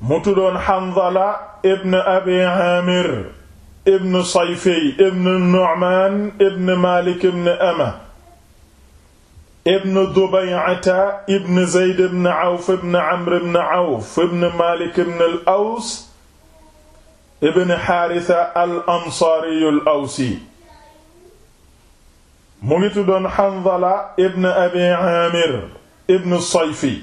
mu tuddoon Hanzala ibn Abi Aamir ibn Sayfi ibn Nu'man ibn Malik ibn Ama ibn Dubay'ata ibn Zayd ibn Awf ibn Amr ibn Awf ibn Malik ibn al-Aws ibn Haritha al-Ansari al-Awsi mu ngi tuddoon Hanzala ibn Abi Aamir ibn Sayfi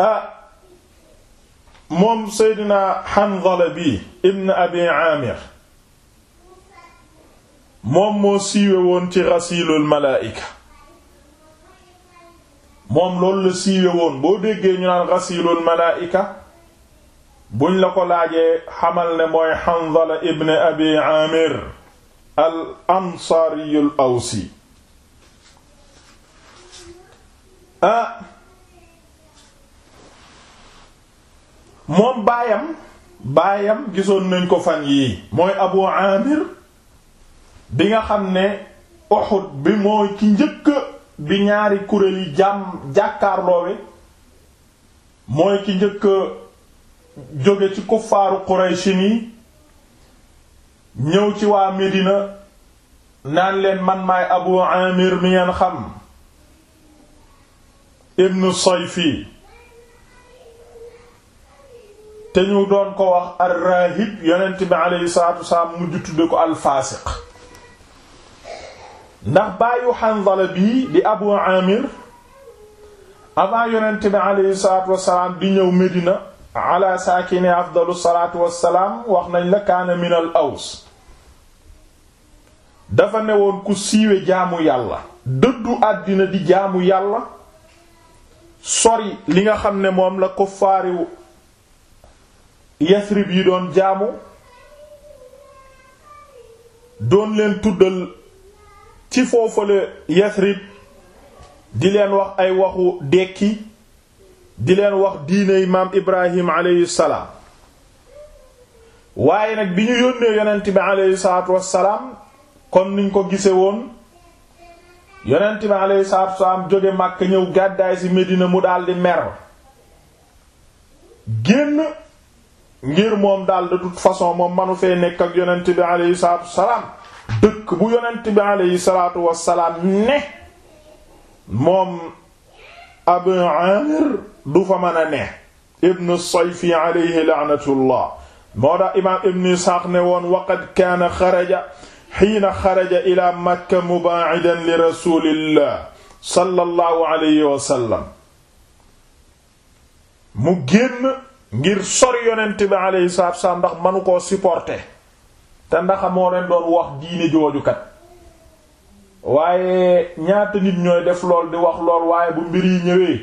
Ah, moom Seydina Hanzala bi ibn Abi Amir moom moo siiwe woon ci rasilul malaayika moom loolu la siiwe woon boo déggee ñu naan rasilul malaayika buñ la ko laajee xamal ne mooy Hanzala ibn Abi Amir al ansaariyul awsi ah moom baayam baayam gisoon nañ ko fan yii mooy Abu Amir bi nga xam ne Uhud bi mooy ki njëkk bi ñaari kuréel yi jàmm jàkkaarloowe mooy ki njëkk jóge ci kuffaaru Qurayshin ñëw ci waa Medina naan leen man maay Abu Amir mi ngeen xam ibnu fii te ñu doon ko wax ar-raahib yonent bi aleyhi salaatu wasalaam mujj tudde ko al-faasiq ndax bàyyu Hanzala bii di Abu Amir avant yonent bi aleyhi salaatu wasalaam di ñëw Medina ala saakini afdalu salaatu wassalaam wax nañ la kaana min aws dafa newoon ku siiwe jaamu yàlla dëddu àddina di jaamu yàlla sori li nga xam ne moom la ko yasrib yi doon jaamu doon leen tuddal ci foofale yasrib di leen wax ay waxu dekki di leen wax diiney maam ibrahim aleyhi salaam waaye nag bi ñu yónnee yonent bi aleyhi salaatu niñ ko gise woon yonent bi aleyhi salaatu wassalaam jóge Makka ñëw gàddaay ci Medina mu daldi mer génn ngir moom daal de toute façon moom manu fee nekk ak yonent bi aleyhi salaatu wasalaam dëkk bu yonent bi aleyhi salaatu wasalaam ne moom Abu Amir du fa mën a ne ibnu Sayfi aleyhi moo tax imaam ibnu Isxaaq ne woon waqad kaana xaraja xiina xaraja ila Makka mubaa'idan li rasulillah sallallahu alayhi mu génn ngir sori yonent bi alayhi salaatu wa ndax manu koo supporter te ndaxa moo leen doon wax diine joojukat waaye ñaata nit ñooy def lool di wax lool waaye bu mbir yi ñëwee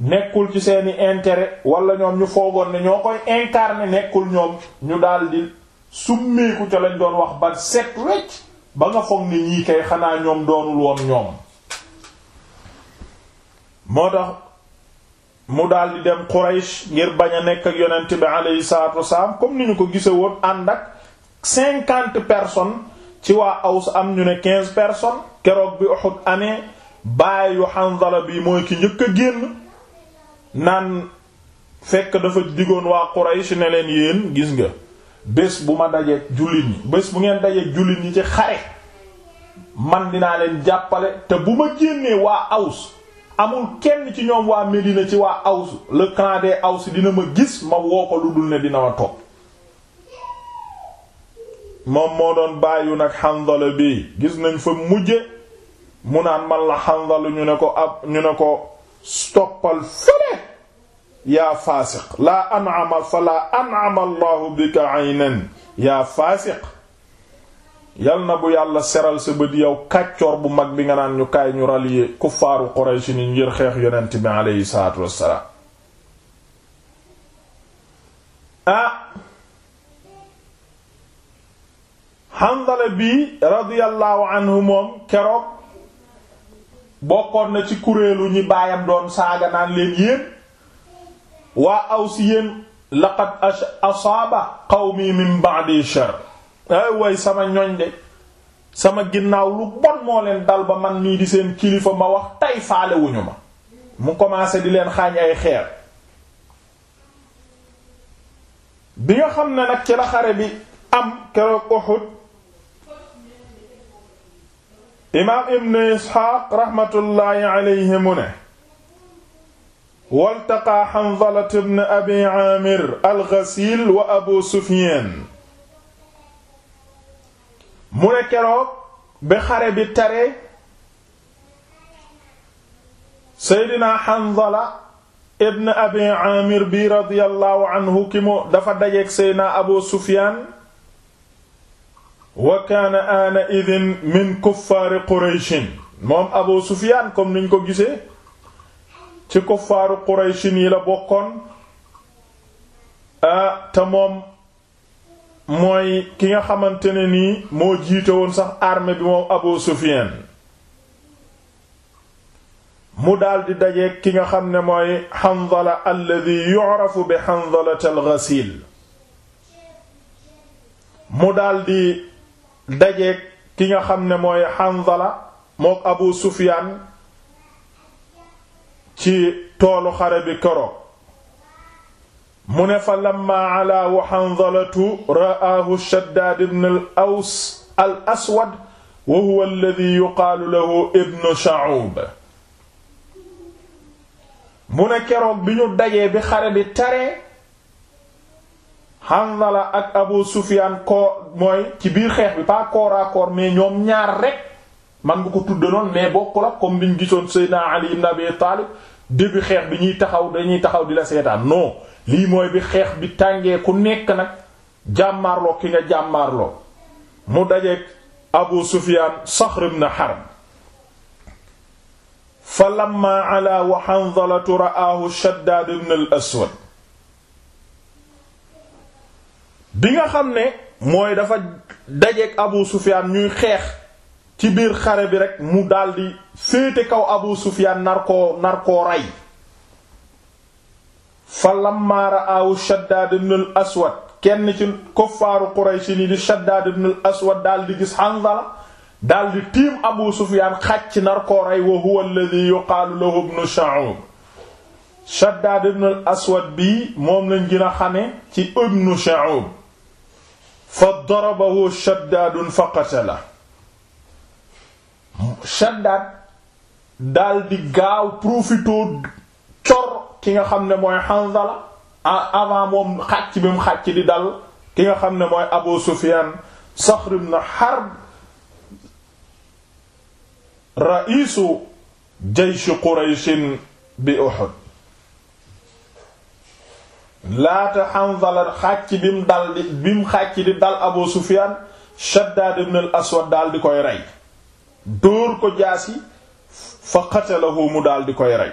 nekkul ci seeni intérêt wala ñoom ñu foogoon ne ñoo koy incarner nekkul ñoom ñu daldi summeeku ca lañ doon wax ba set wecc ba nga foog ni ñii kay xanaa ñoom doonul woon ñoom moo tax mu daal dem Quraysh ngir bañ a nekk ak yonent bi alayhi salaatu wasalaam comme ni ñu ko gise woon ànd ak cinquante personnes ci waa Aws am ñu ne quinze personnes keroog bi Uhud amee bàyyu Hanzala bi mooy ki njëkk a génn naan fekk dafa digoon waa Quraysh ne leen yéen gis nga bés bu ma dajeeg jullit ñi bés bu ngeen dajeeg jullit ñi ci xare man dinaa leen jàppale te bu ma génnee waa Aws amul kenn ci ñoom waa Médina ci waa Aws le clan des dina ma gis ma woo ko dul ne dina ma topp moom moo doon bàyyu nag Hanzala bi gis nañ fa mujje mu naan man la Hanzala ñu ne ko ab ñu ne ko stoppal fële yaa faasiq laa an'ama fa laa an'ama Allahu bika aynan yaa faasiq yal na bu yàlla seral sa bët yow kàccoor bu mag bi nga naan ñu kaay ñu rallier kuffaaru Quraysh ni ngir xeex yonent bi ah, radiyallahu anhu moom keroog bokkoon na ci kuréelu ñi baayam doon saaga naan leen yéen waa aw si yéen asaaba qawmi min ba'di shar ay way sama ñoñ de sama ginnaaw lu bon moo leen dal ba man nii di seen kilifa ma wax tey faalewuñu ma mu commencé di leen xaañ ay xeer bi nga xam ne nag ci la xare bi am keroog Uhud imaam ibn Isxaaq raxmatullaahi mu ne waltaqaa Hanzala ibn Abi Aamir al-Ghasiil wa Abu Sufyaan mu ne keroog ba xare bi tare seydina Hanzala ibn abi amir bi radiyallahu anhu ki mu dafa dajeeg seydina Abu Sufyaan wa kaana aana idin min kuffaari qurayshin moom Abu Sufyaan comme niñ ko gise ci kuffaaru qurayshin yi la bokkoon a ah, moom mooy ki nga xamante ne nii moo jiite woon sax armée bi moom Abu Sufyan mu daldi dajeek ki nga xam ne mooy Hanzala alladhi yu'rafu bi Hanzalata al-Ghasil mu daldi dajeek ki nga xam ne mooy Hanzala mook Abu Sufyan ci toolu xare bi keroog mu ne fa lamma alaa wa Hanzalatu ra'aahu Shaddaad ibn al-Aws al-Aswad wa huwa alladhi yuqaalu lahu ibnu Sha'uub mu ne keroog bi ñu dajee bi xare bi tare Hanzala ak Abu Sufyaan koo mooy ci biir xeex bi pas corps à corps mais ñoom ñaar rek man bu ko tuddanoon mais bokkul ak comme bi ñu gisoon Seydina Ali ibn Abi Taalib début xeex bi ñuy taxaw dañuy taxaw di la seetaan non lii mooy bi xeex bi tàngee ku nekk nag jàmmarloo ki nga jàmmaarloo mu dajeeg Abu Sufyan Saxr na Harb fa lamma ala wa Shaddaad ibn al-Aswad bi nga xam ne mooy dafa dajeeg Abu Sufyan ñuy xeex ci biir xare bi rek mu daldi féete kaw Abu Sufyaan nar koo nar rey fa lamma ra'ahu Shaddaad ibn aswad kenn ci kuffaaru Quraysh ni di Shaddaad ibn aswad daldi gis Hanzala daldi tiim Abu Sufyaan xàcc nar rey wa huwa alladhi yuqaalu lahu ibn Sha'ub Shaddaad ibn aswad bii moom lañ gën xame ci ibn Sha'ub fa darabahu Shaddaad fa qatalahu Shaddaad daal di gaaw profitoo cor ki nga xam ne mooy Hanzala avant moom xàcc bi mu xàcc di dal ki nga xam ne mooy Abu Sufyaan Saxr ibn Harb ra'isu jaysh Quraysh bi Uhud laata Hanzala xàcc bi dal di bi xàcc di dal Abu Sufyaan Shaddaad ibn al-Aswad daal di koy rey dóor ko jaasi fa qatalahu mu daal di koy rey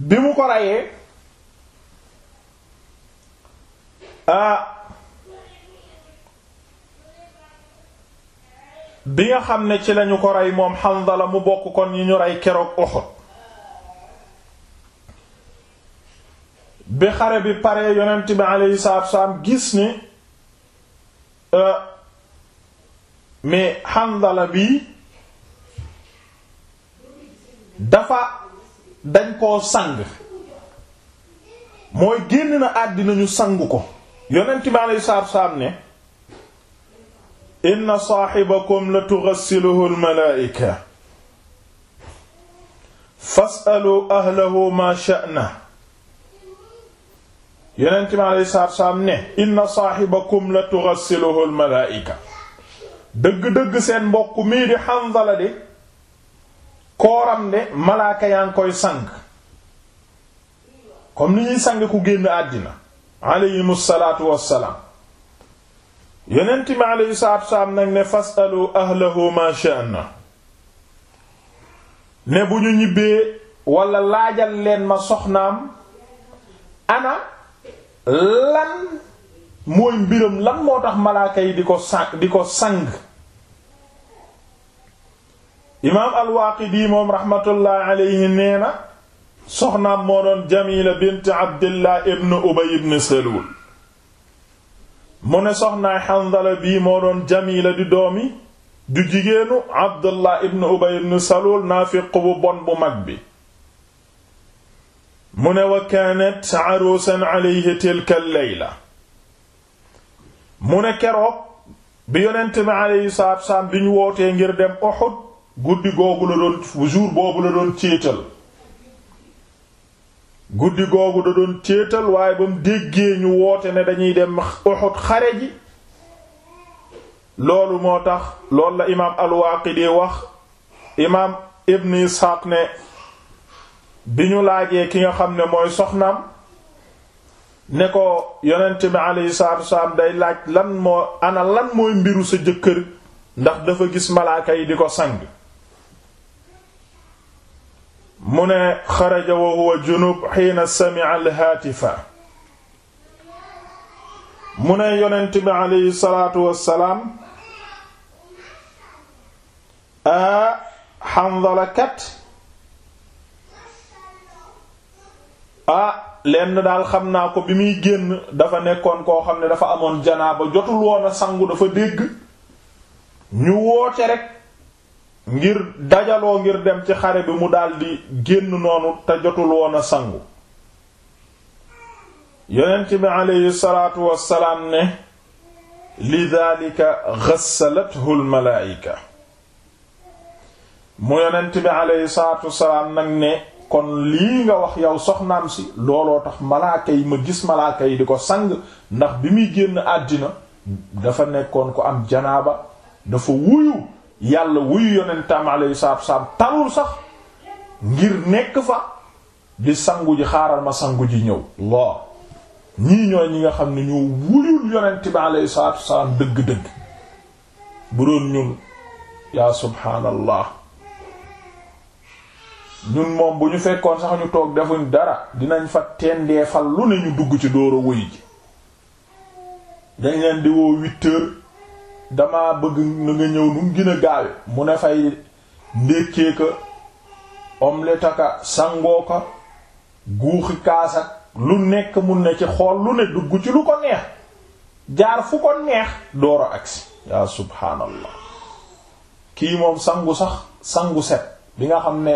bi mu ko reyee bi nga xam ne ci lañu ko rey moom Hanzala mu bokk kon yi ñu rey keroog Uhud bi xare bi pare yonent bi alayhi salaatu wa gis ni Euh, mais Hanzala bi dafa dañ koo sang mooy génn na àddina ñu ko yonent bi alayhi salaatu wassalaam ne inna saahibakum la tughassiluhu al-malaa'ika fas'alu ahlahu ma sha'na yonent mi alayhi salaatu salaam ne inna saahibakum la tughassiluhu al dëgg-dëgg seen mbokk mii di Hanzala de kooram de malaaka yaa ngi koy sang comme ni ñuy sang ku génn àddina alayhimu salaatu wassalaam yonent mi alayhi salaatu ne fasalu ahlahu bu ñu ñibbee wala laajal leen ma soxnaam ana lan mooy mbiram lan moo tax malaaka yi di ko sang di ko sang imaam al-Waaqidi moom rahmatullah alayhi nee na soxnaam moo doon Jamila bint Abdillah ibn Ubay ibn Salul mu ne soxnaay Hanzala bii moo doon Jamila di doomi du jigéenu Abdullah ibn Ubay ibn Salul naafiq bu bon bu mag bi mu ne wa kaanat aruusan alayhi tilka leyla mu ne keroog bi yonent bi alayhi salaatu salaam bi ñu wootee ngir dem Uhud guddi googu la doon jour boobu la doon céetal guddi googu da doon céetal waaye ba mu déggee ñu woote ne dañuy dem Uhud xare ji loolu moo tax loolu la imaam al wax imaam Ibn Isxaaq ne bi ñu laajee ki nga xam ne mooy soxnaam ne ko yonent bi alayhi salaatu wasalaam day laaj lan moo ana lan mooy mbiru sa jëkkër ndax dafa gis malaaka yi di ko sang mu ne xaraja wa huwa junub xiina sami'a alhaatifa mu ne yonent bi alayhi salaatu wasalaam a Hanzala kat ah lenn daal xam naa ko bi muy génn dafa nekkoon koo xam ne dafa amoon janaaba jotul woon a sangu dafa dégg ñu woote rek ngir dajaloo ngir dem ci xare bi mu daldi génn noonu te jotul woon a sangu yonent bi aleyhi salaatu wassalaam ne lidaalika ghassalathu almalaayika mu yonent bi aleyhi salaatu wassalaam nag ne kon lii nga wax yow soxnaam si looloo tax malaaka yi ma gis malaaka yi di ko sang ndax bi muy génn àddina dafa nekkoon ko am janaaba dafa wuyu yàlla wuyu yonentam alayhi salaatu salaam tarul sax ngir nekk fa di sangu ji xaaral ma sangu ji ñëw loo ñii ñooy ñi nga xam ne ñoo wuyul yonent bi alayhi salaatu salaam dëgg-dëgg bu doon ñun yaa subhaanallah ñun moom bu ñu fekkoon sax ñu toog defuñ dara dinañ fa tendeefal lu ne ñu dugg ci dóor a ji dañ leen di woo dama bëgg na nga ñëw nu gën a gaawe mu ne fay ndékkee ka omelette aka sangoo ka guuxi kaas lu nekk mun na ci xool lu ne dugg ci lu ko neex jaar fu ko neex dooro a agsi yaa subhaanallah kii moom sangu sax sangu set bi nga xam ne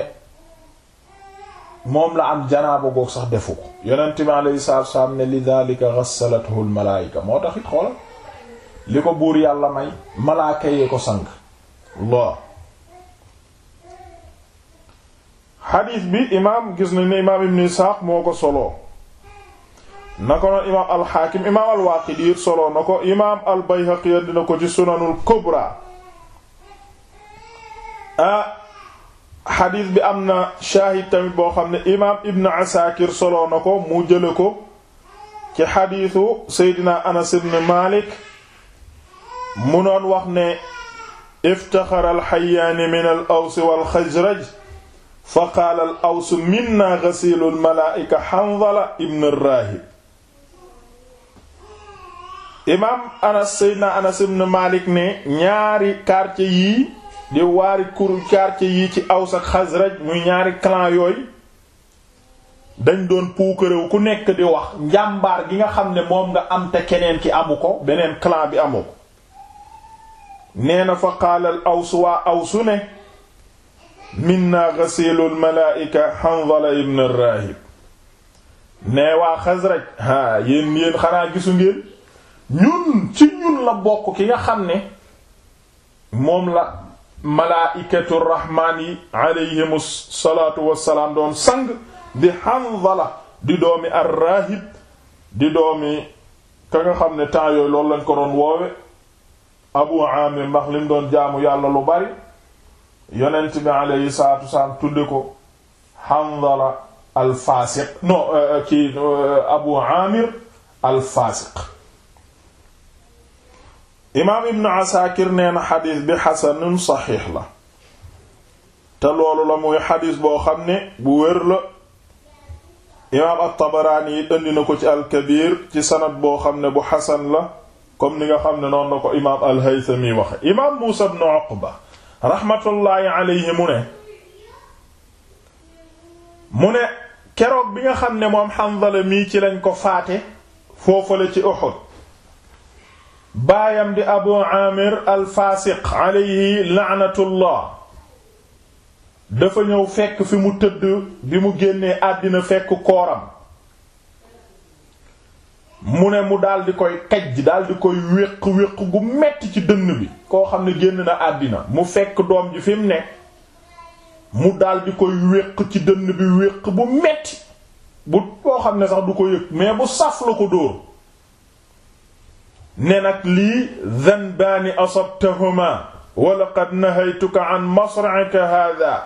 moom la am janaaba goog sax defu ko yonent bi alayhi salaatu wassalaam ne li daalika ghassalathu al malaayika moo tax it xoolal li ko buur yàlla may malaaka yee ko sang Allah xadiis bi imaam gis nañ ne imaam ibn Isaaq moo ko soloo na ko noon imaam alxaakim imaam alwaaqidi it soloo na ko imaam albayhaqi dina ko ci sunanul kubra ah, xadiis bi am na shaahid tamit boo xam ne imaam ibn Asakir soloo na ko mu jële ko ci xadiisu Seydina Anas ibn Malik mu noon wax ne iftaxara alxayaani min al aws walxajraj fa qaala al aws minna gasilu lmalaa'ika Hanzala ibn raahib imaam Anas Seydina Anas ibn Malik ne ñaari quartier yi di waari kuru quartier yi ci Aws ak Xasraj muy ñaari clan yooyu dañ doon puukaréew ku nekk di wax njàmbaar gi nga xam ne moom nga am te keneen ki amu ko beneen clan bi amu ko nee na fa qaalal aws waa awsu ne minna ghasilul malaa'ika Hanzala ibn Rahib ne waa Xasraj a yéen yéen xanaa gisu ngeen ñun ci ñun la bokk ki nga xam ne moom la malaa'ikatu rahmaan yi alayhimu salaatu wassalaam doon sang di Hanzala di doomi ar-Raahib di doomi ka xam ne temps yooyu loolu lañ ko doon woowe Abu Aamir ndax lim doon jaamu yàlla lu bari yonent bi alayhi salaatu wassalaam tudde ko Hanzala al-Faasiq euh, euh, euh, Abu Aamir al-Faasiq imaam ibn asaakir nee na xadis bi xasanun saxiix la te loolu la muy xadis boo xam ne bu wér la imaam at-Tabaraani it ko ci al-Kabir ci sanad boo xam ne bu xasan la comme ni nga xam ne noonu la ko imaam al-Haythami waxe imaam Muusa ibn Uqba raxmatullaahi mu ne mu ne keroog bi nga xam ne moom Hanzala mii ci lañ ko faate foofale ci Uhud baayam di abu amir alfaasiq aleyhi laanatullah dafa ñëw fekk fi mu tëdd bi mu génnee àddina fekk kooram mu ne mu daldi koy kaj daldi koy wéq wéq gu metti ci dënn bi koo xam ne génn na àddina mu fekk doom ji fi mu ne mu daldi koy wéq ci dënn bi wéq bu metti bu koo xam ne sax du ko yëg mais bu saf la ko dóor ne nag lii dhanbaani asabtahuma wa laqad nahaytuka an masra'ika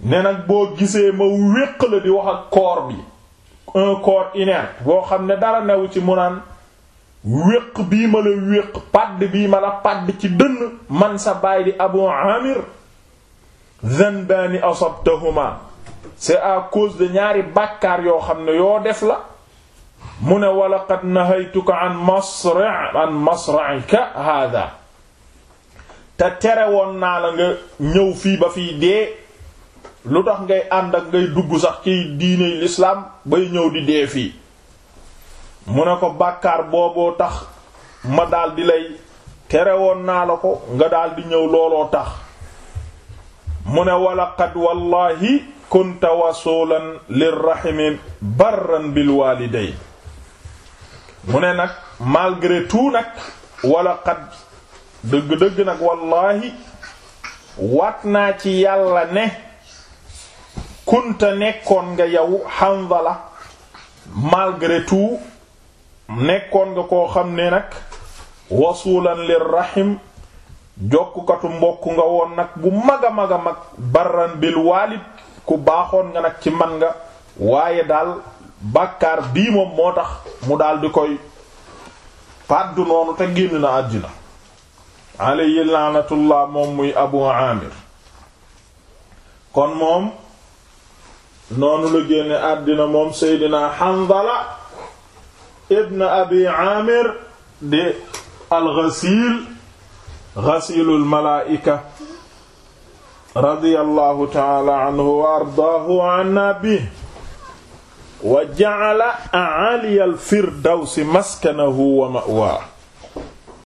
ne nag boo gisee ma wéq la di wax ak bi un corps inerte boo xam ne dara newu ci mu naan wéq bii ma la wéq padd bii ma la padd ci dënn man sa baay di abu amir dhanbaani asabtahuma c'est à cause de ñaari bàkkaar yoo xam ne yoo def la mu ne walaqad nahaytuka an masra' an masra'ika hada te tere woon naa la nga ñëw fii ba fii dee lu tax ngay ànd ak ngay dugg sax ci diiney lislaam bay ñëw di dee fii mu ne ko bàkkaar booboo tax ma daal di lay tere woon naa la ko nga daal di ñëw looloo tax mu ne walaqad wallahi kunta wasulan lirrahimi barran bil walidayn mu ne nag malgré nag wala xad dëgg-dëgg nag wallaahi waat naa ci yàlla ne kunta nekkoon nga yow Hanzala malgré tout nekkoon nga koo xam ne nag wasulan lir rahim jokkukatu mbokk nga woon nag bu mag a mag a mag barran bil ku baaxoon nga nag ci man nga waaye daal bakkar bii moom moo tax mu daal di koy paddu noonu te na àddina moom muy abu amir kon moom noonu la génne àddina moom seydina Hanzala ibn abi amir di al-Ghasiil Ghasiilul Malaa'ika radiyallahu ta'ala anhu wa ardaahu anna bihi wa ja'ala a'ali al-firdawsi maskanahu wa ma'waahu